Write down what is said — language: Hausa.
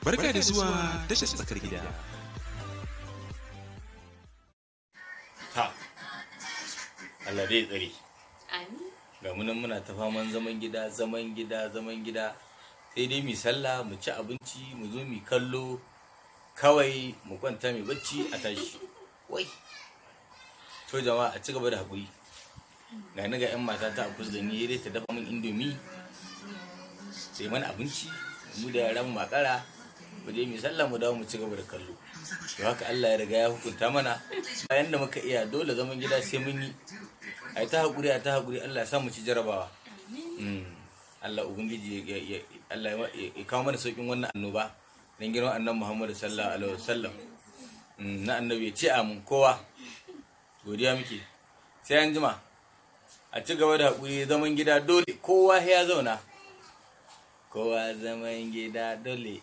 Barka da zuwa tashar tsakar gida. Ha, Allah dai tsare. Ga munan muna ta faman zaman gida, zaman gida, zaman gida. Sai dai mu sallah, mu ci abinci, mu zo mu kallo, kawai mu kwanta mai bacci a tashi. Wai. To jama'a a ci gaba da haƙuri. Ga ga 'yan mata ta a kusa da ni dai ta dafa min indomi. Sai mana abinci, mu da yaran makara. mu je mu sallah mu dawo mu ci gaba da kallo to haka Allah ya riga ya hukunta mana bayan da muka iya dole zaman gida sai mun yi ai ta hakuri a ta hakuri Allah ya sa mu ci jarabawa hmm. Allah ubangiji Allah ya kawo mana saukin wannan annoba dan girman annabi Muhammad sallallahu alaihi wasallam hmm. na annabi ya ce a mun kowa godiya muke sai an jima a ci gaba da hakuri zaman gida dole kowa ya zauna kowa zaman gida dole